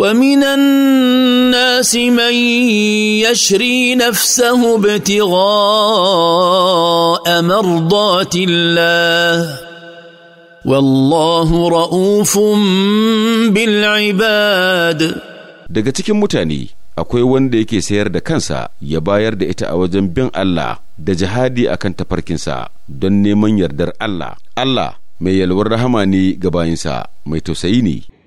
ومن الناس من يشري نفسه ابتغاء مرضات الله والله رؤوف بالعباد daga cikin mutane akwai wanda yake sayar da kansa ya bayar da ita a wajen bin Allah da jihadi akan tafarkinsa don neman yardar Allah Allah mai yalwar rahama ne ga bayinsa mai tausayi ne